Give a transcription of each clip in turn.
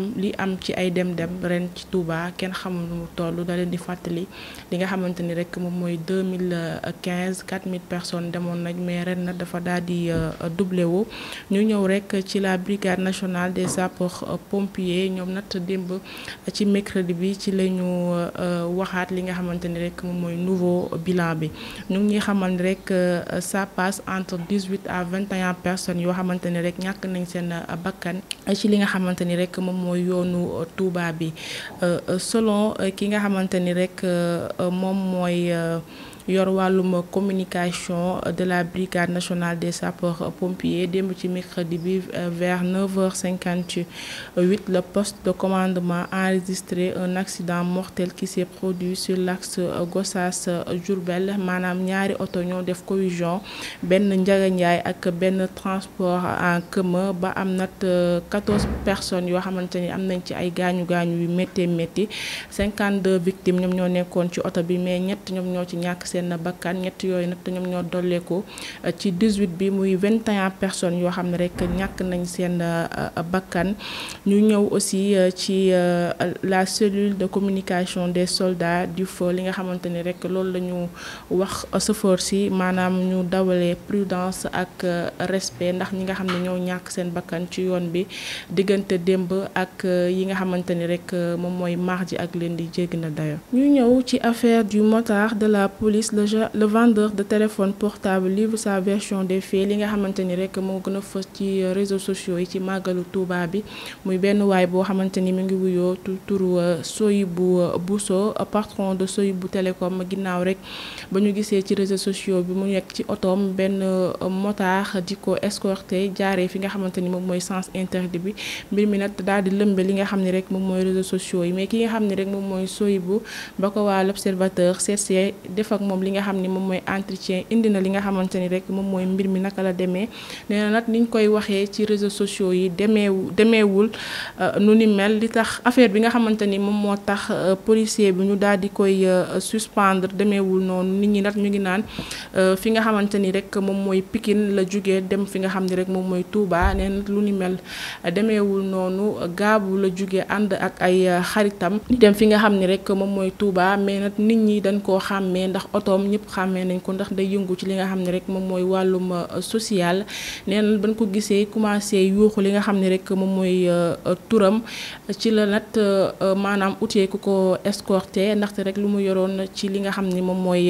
am li am ci ay dem-dem ren ci Touba kenn xamul nu mu toll da leen di fàttali li nga xamante ni rek moom mooy deux mille quinze quatre mille personnes demoon nag mais ren na dafa daal di euh, doublé wu. ñu ñëw rek ci la brigade nationale des sapeurs pompiers ñoom natt démb ci mercredi bi ci la ñu euh, waxaat li nga xamante ni rek moom mooy nouveau bilan bi ñu ngi ñuy rek euh, ça passe entre dix huit à vingt et un personnes yoo xamante ni rek ñàkk nañ seen bakkan ci li nga xamante rek mooy yoonu euh, Touba bi euh, euh, selon ki nga xamante ni rek moom mooy yor communication de la brigade nationale des sapeurs pompiers démb ci mercredi bi euh, vers 9h58 le poste de commandement a enregistré un accident mortel qui s'est produit sur l'axe euh, Gossas jourbel manam ñaari auto ñoo def collision benn njaganjaay ak ben transport en commun ba am 14 euh, personnes yo xamanteni été am nañ ci ay gañu 52 victimes ñom ñoo nekkoon ci auto bi mais ñet ñom ñoo ci seen bakkan ñett yooyu nag ñoom ñoo dolleeku euh, ci 18 bi muy 21 personnes yoo xam ne rek ñàkk nañ seen euh, euh, bakkan ñu ñëw aussi ci la cellule de communication des soldats du feu li nga xamante ni rek loolu la ñu wax sëfoor si maanaam ñu dawalee prudence ak respect ndax ñi nga xam ne ñoo ñàkk seen bakkan ci yoon bi diggante démb ak yi nga xamante ni rek moom mooy ji ak leen di jéggi na dayo ñu ñëw ci affaire du motard de la police le le vendeur de téléphone portable livre sa version des faits li nga xamanteni rek mo gëna a ci euh, réseaux sociaux yi ci màggalu Touba bi muy benn way bo xamanteni ni ngi wuyoo turu euh, Soyibou euh, Bousso patron de Soyibou telecom ginnaw rek bañu gisé ci réseaux sociaux bi mu nek ci otoom benn motard diko escorter escorté fi nga xamanteni ni moy sens interdit bi mbir mi nag daal di lëmbe li nga xamni rek moom moy réseaux sociaux yi mais ki nga xamni rek moom moy Soyibou bako wa l'observateur cc def ak moom li nga xam ni moom mooy entretien indi na li nga xamante ni rek moom mooy mbir mi naka la demee nee na koy waxee ci réseaux sociaux yi demeewu demeewul euh, nu ni mel li tax affaire bi nga xamante ni moom moo tax euh, policier bi ñu daal di koy euh, suspendre demeewul noonu nit ñi nag ñu ngi naan fi nga xamante ni rek moom mooy Pikine la jugee dem fi nga xam ni rek moom mooy Touba nee na lu ni mel demeewul noonu gaabu la jugee ànd ak ay xaritam dem fi nga xam ni rek moom mooy Touba mais nit ñi dañ koo xàmmee ndax otoom ñëpp xàmmee nañ ko ndax day yëngu ci li nga xam ne rek moom mooy wàllum euh, social nee na bañ ko gisee commencé yuuxu li nga xam ne rek moom mooy euh, turam ci la nag euh, maanaam utee ko escorté ndaxte rek lu mu yoroon ci li nga xam ne moom mooy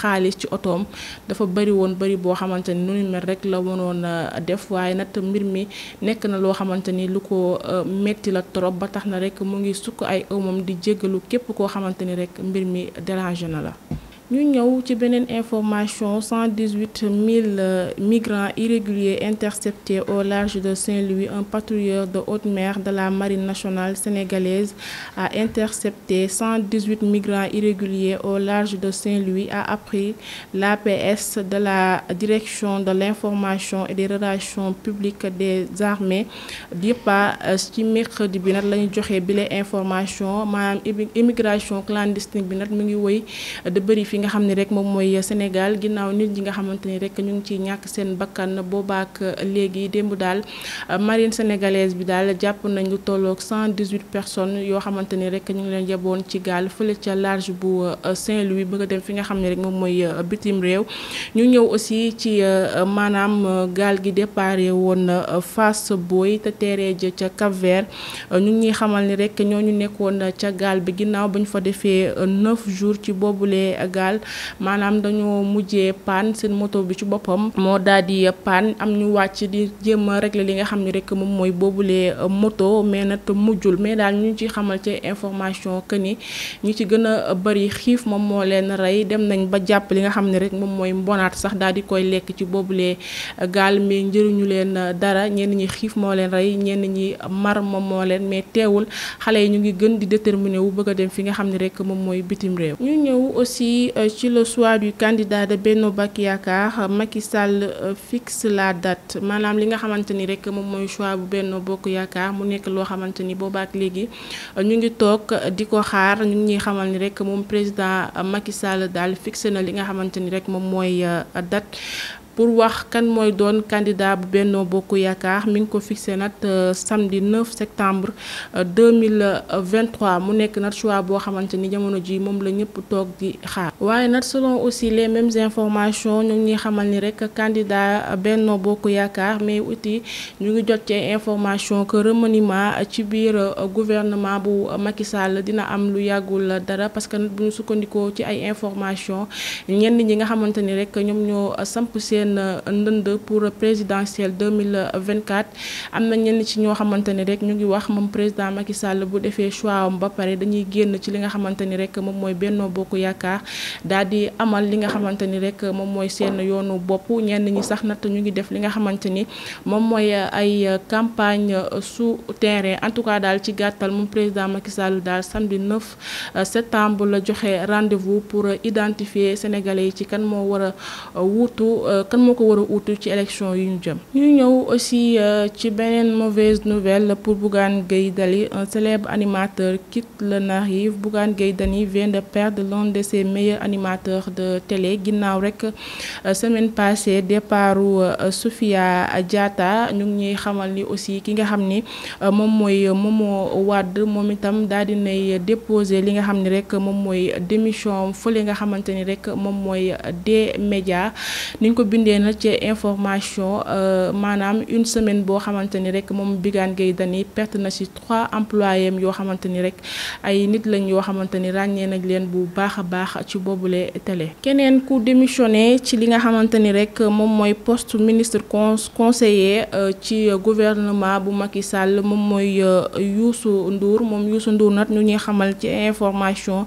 xaalis ci otoom dafa bëri woon bëri boo xamante ni nu rek la mënoon def waaye nag mbir mi nekk na loo xamante ni lu ko metti la trop ba tax na rek mu ngi sukk ay ëmam di jéggalu képp koo xamante ni rek mbir mi dérange na la Nous avons eu une information 118 000 euh, migrants irréguliers interceptés au large de Saint-Louis un patrouilleur de haute mer de la marine nationale sénégalaise a intercepté 118 migrants irréguliers au large de Saint-Louis a appris l'APS de la direction de l'information et des relations publiques des armées dit euh, ci mercredi bi Binat la bile information immigration clandestine bi de bëri fi nga xam ne rek moom mooy Sénégal ginnaaw nit ñi nga xamante ni rek ñu ngi ciy ñàkk seen bakkan boobaak léegi démb daal marine sénégalaise bi daal jàpp nañ lu tolloog 118 personnes yoo xamante ni rek ñu ngi leen yeboon ci gaal fële ca large bu euh, Saint-Louis bëgg a dem fi nga xam ne rek moom mooy euh, bitim réew ñu ñëw aussi ci euh, maanaam gaal gi déparé woon Fass Boy te teeree ja ca Cap-Vert ñu ngi xamal ni rek ñooñu nekkoon ca gaal bi ginnaaw ba ñu fa defee 9 jours ci boobule gaal Sénégal maanaam dañoo mujjee panne seen moto bi ci boppam moo daal di panne am ñu wàcc di jéem a régler li nga xam ni rek moom mooy boobulee euh, moto mais nag mujjul mais daal ñu ci xamal ci information que ni ñu ci gën a bëri xiif moom moo leen rey dem nañ ba jàpp li nga xam ne rek moom mooy mbonaat sax daal di koy lekk ci boobulee euh, gaal mais njëriñu leen euh, dara ñenn ñi xiif moo leen rey ñenn ñi mar moom moo leen mais teewul xale yi ñu ngi gën di déterminé wu bëgg dem fi nga xam ne rek moom mooy bitim Euh, ci le soit du candidat de Benno Bokk Yaakaar Macky Sall euh, fixe la date maanaam li nga xamante ni rek moom mooy choix bu Benno Bokk Yaakaar mu nekk loo xamante ni boobaak léegi euh, ñu ngi toog di ko xaar ñu ngi xamal ni rek moom président Macky Sall daal fixé na li nga xamante ni rek moom mooy dat pour wax kan mooy doon candidat bu Benno Bokk Yaakaar mi ngi ko fixé nag euh, samedi 9 septembre 2023 euh, mu nekk nag choix boo xamante ni jamono ji moom la ñëpp toog di xaar waaye nag selon aussi les mêmes informations ñu ngi xamal ni rek candidat Benno Bokk Yaakaar mais aussi ñu ngi jot ci information que remaniement ci biir euh, gouvernement bu Macky Sall dina am lu yàggul dara parce que bu ñu sukkandikoo ci ay information ñenn ñi nga xamante rek ñoom ñoo samp seen euh, ndënd pour présidentiel 2024 am na ñenn ci ñoo xamante ni rek ñu ngi wax moom président Macky Sall bu defee choix am ba pare dañuy génn ci li nga xamante ni rek moom mooy Benno Bokk Yaakaar daal di amal li nga xamante ni rek moom mooy seen yoonu bopp ñenn ñi sax ñu ngi def li nga xamante ni moom ay campagne sous terrain en tout cas daal ci gàttal moom président Macky Sall daal samedi 9 euh, septembre la joxe rendez-vous pour identifier sénégalais yi ci kan moo war a euh, kan moo ko war a ci élection yu ñu jëm. ñu ñëw aussi euh, ci beneen mauvaise nouvelle pour Bougane Gueye Dany un célèbre animateur quitte le Narive Bougane Gueye Dany vient de perdre l'un de se meilleurs animateurs de télé ginnaaw rek euh, semaine passée départu euh, Soufia Diatta ñu ngi ñuy xamal ni aussi ki nga xam ni moom mooy Momo Wade moom itam daal dinay déposer li nga xam ni rek moom mooy démission fële nga xamante ni rek moom mooy D-Média niñ ko bind génnee na ci euh, maanaam une semaine boo xamante ni rek moom Bougane Gueye Dany perte na ci yoo xamante ni rek ay nit lañ yoo xamante ni ràññee nañ leen bu baax a baax ci boobule télé. keneen ku démissionné ci li nga xamante ni rek moom mooy poste ministre conseiller euh, ci gouvernement bu Macky sàll moom mooy euh, yuusu nduur moom Youssou nduur nag ñu ñuy xamal ci information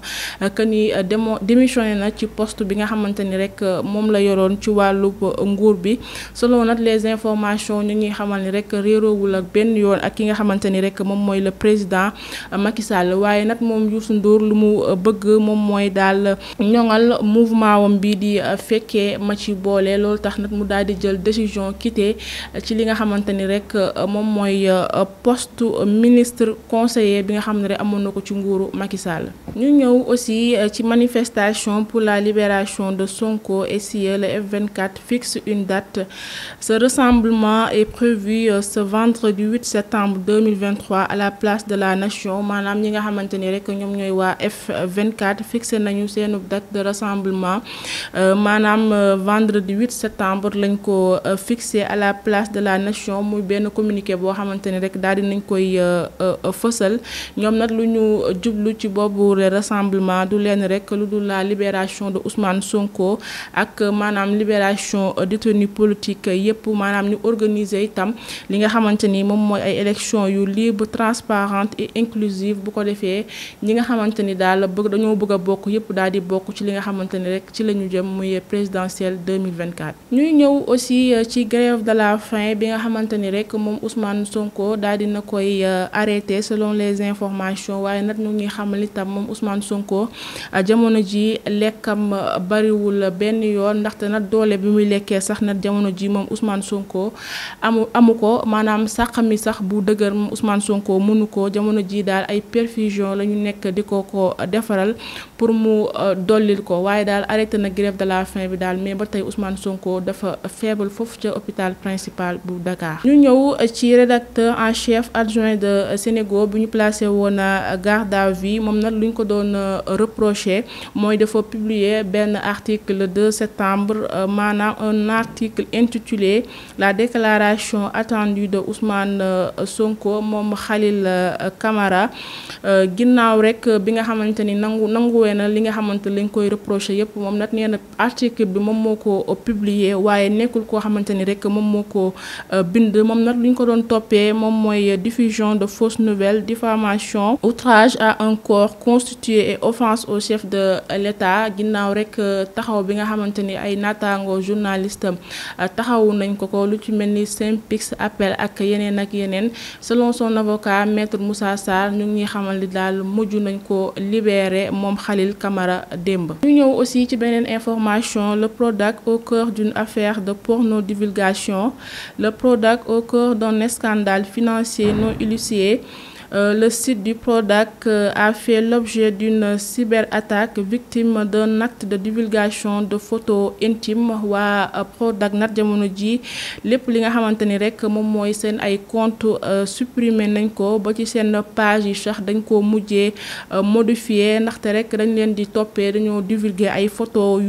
que demo démo démissionné na ci poste bi nga xamante ni rek moom la yoroon ci wàllu. nguur bi selon nag les informations ñu rek réeroowul ak benn yoon ak ki nga xamante ni rek moom mooy le président Macky Sall waaye nag moom Youssou Ndour lu mu bëgg moom mooy daal ñoŋal mouvement wam bi di fekkee ma ci loolu tax nag mu daal di jël décision quitter ci li nga xamante ni rek moom mooy poste ministre conseiller bi nga xam ne rek amoon na ko ci nguuru Macky Sall ñëw aussi ci manifestation pour la libération de Sonko et si le f fixe une date. Ce rassemblement est prévu euh, ce vendredi 8 septembre 2023 à la place de la Nation Madame ñi de que rek F24 fixé nañu une date de rassemblement euh, Madame euh, vendredi 8 septembre lañ fixé à la place de la Nation Nous bien communiqué boo xamante que rek daal di nañ koy fësal ñoom nag de jublu rassemblement du leen rek la libération de Ousmane Sonko ak Madame libération association euh, détenu politique yëpp maanaam ñu organiser itam li nga xamante ni moom mooy ay élection yu libre transparente et inclusive bu ko defee ñi nga xamante ni daal bëgg dañoo bëgg a bokk yëpp daal di bokk ci li nga xamante ni rek ci lañu jëm muy présidentielle 2024. ñuy ñëw aussi euh, ci grève de la faim bi nga xamante ni rek moom Ousmane Sonko daal dina koy euh, arrêté selon les informations waaye nag ñu ngi xamal itam moom Ousmane Sonko jamono ji lekkam bariwul benn yoon ndaxte nag doole bi muy lekkee sax na jamono ji mom Ousmane Sonko amu amu ko maanaam sàq sax bu deuguer Ousmane Sonko mënu ko jamono ji dal ay perfusion lañu nek nekk di ko defaral pour mu euh, dolil ko waye dal arrêté na grève de la faim bi dal mais ba Ousmane Sonko dafa faible foofu ci hôpital principal bu Dakar. ñu ñew ci rédacteur en chef adjoint de Sénégal bu ñu placé wona garde à vie mom nag luñ ko don euh, reprocher moy dafa publier Ben. article le 2 septembre euh, Manam un article intitulé La déclaration attendue de Ousmane euh, Sonko mon Khalil euh, Camara euh, rek bi nga nangu article bi mom moko publier rek bind diffusion de fausses nouvelles diffamation outrage à un corps constitué et offense au chef de l'État ginnaw rek taxaw bi nga ay journal journaliste euh, taxawu nañ ko ko lu ci melni ni Synpics appel ak yenen ak yenen selon son avocat maître Moussa Sarr ñu ngi xamal ni daal nañ ko libéré mom Khalil Kamara Demb ñu ñëw aussi ci benen information le Prodac au cœur d'une affaire de porno divulgation le Prodac au cœur d'un scandale financier non illustré. Euh, le site du PRODAC euh, a fait l'objet d'une cyberattaque victime d'un acte de divulgation de photos intimes Wa euh, PRODAC n'a jamono ji lépp li nga que mon moyen moom mooy compte supprimé nañ ko page yi sax dañ ko mujjee modifié ndaxte rek dañ leen di divulgué dañoo divulguer photos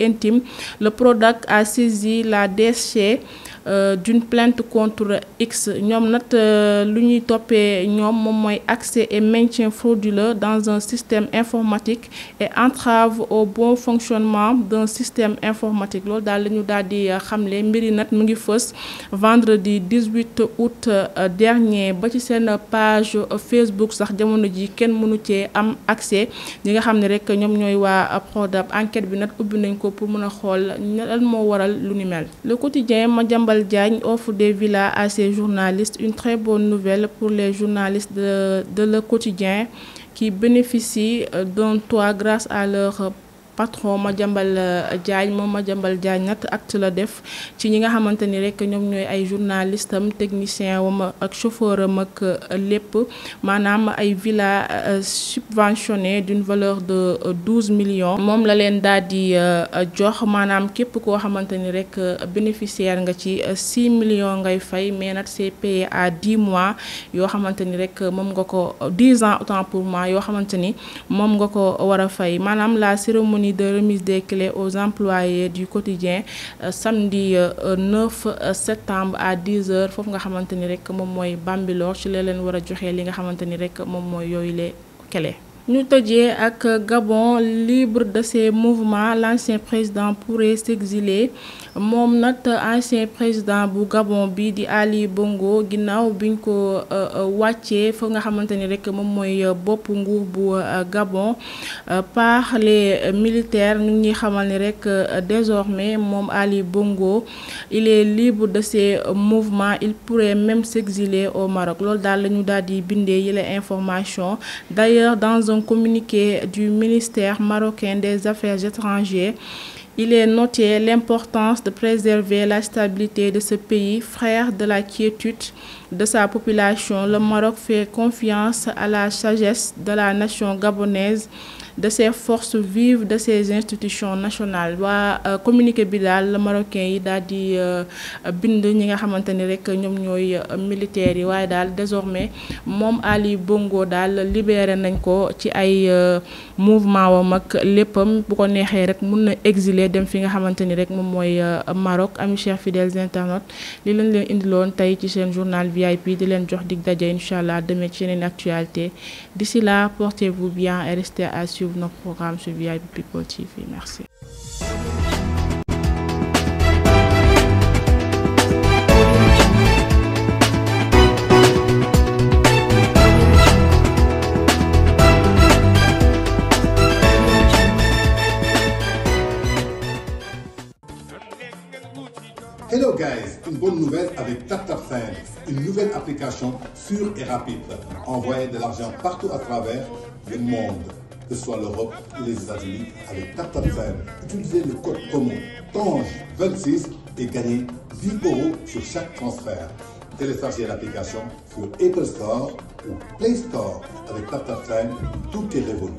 intimes. le PRODAC a saisi la DSC euh, d'une plainte contre X Nous euh, avons lu ñuy toppee accès et maintien frauduleux dans un système informatique et entrave au bon fonctionnement d'un système informatique Nous avons dit que nous avons xamle vendredi 18 août euh, dernier ba ci page Facebook sax a ji kenn mënu cee am accès Nous nga ne rek ñoom ñooy enquête bi pour mën a xool lan moo waral lu mel le quotidien ma Diagne offre des villas à ses journalistes, une très bonne nouvelle pour les journalistes de, de Le Quotidien qui bénéficient euh, d'un toit grâce à leur patron Madiambal euh, Diagne moom Madiambal Diagne nag acte la def ci ñi nga xamante ni rek ñoom ñooy ay journaliste am technicien wam ak chauffeur am ak euh, lépp maanaam ay villa euh, subventionné d'une valeur de douze millions moom la leen daal di jox maanaam képp koo xamante ni rek bénéficiaire nga ci six millions ngay fay mais nag c'est payé à dix mois yoo xamante ni rek moom nga ko dix ans autant pour moi yoo xamante ni moom nga ko war a fay maanaam la cérémonie cérémonie de remise des clés aux employés du quotidien euh, samedi 9 euh, euh, septembre à 10h fof nga xamanteni rek mom moy Bambilor ci leen war joxe li nga xamanteni rek mom moy yooyu les clés ñu tojee ak Gabon libre de ses mouvements l'ancien président pourrait s'exiler moom nag ancien président bu Gabon bi di Ali Bongo ginnaaw biñ ko euh, euh, wàccee fa nga xamante ni rek moom mooy euh, bu Gabon par les militaires ñu ngi xamal ni rek désormais Mom Ali Bongo il est libre de ses mouvements il pourrait même s'exiler au Maroc loolu daal la ñu daal di bindee information d'ailleurs dans un communiqué du ministère marocain des Affaires étrangères, il est noté l'importance de préserver la stabilité de ce pays, frère de la quiétude de sa population. Le Maroc fait confiance à la sagesse de la nation gabonaise de ces forces vives de ces institutions nationales Wa euh, communiquer bi le marocain yi dal di euh, bind ñi nga xamanteni rek ñom ñoy euh, militaire yi waaye désormais mom Ali Bongo dal libéré nañ ko ci ay mouvement wa mak leppam bu ko nexé rek mën na exiler dem fi nga xamanteni rek mom moy Maroc ami chers fidèles internautes li lañ leen indiloon tay ci seen journal VIP di leen jox dig daje inshallah allah demee ci yeneen actualité d'ici là portez-vous bien et restez assurés suivre nos programmes sur VIP People TV. Merci. Hello guys, une bonne nouvelle avec TapTapSend, une nouvelle application sûre et rapide. envoyer de l'argent partout à travers le monde que ce soit l'Europe ou les États-Unis, avec TapTapFM, utilisez le code promo TANGE26 e et gagnez 10 euros sur chaque transfert. Téléchargez l'application sur Apple Store ou Play Store avec TapTapFM, tout est révolu.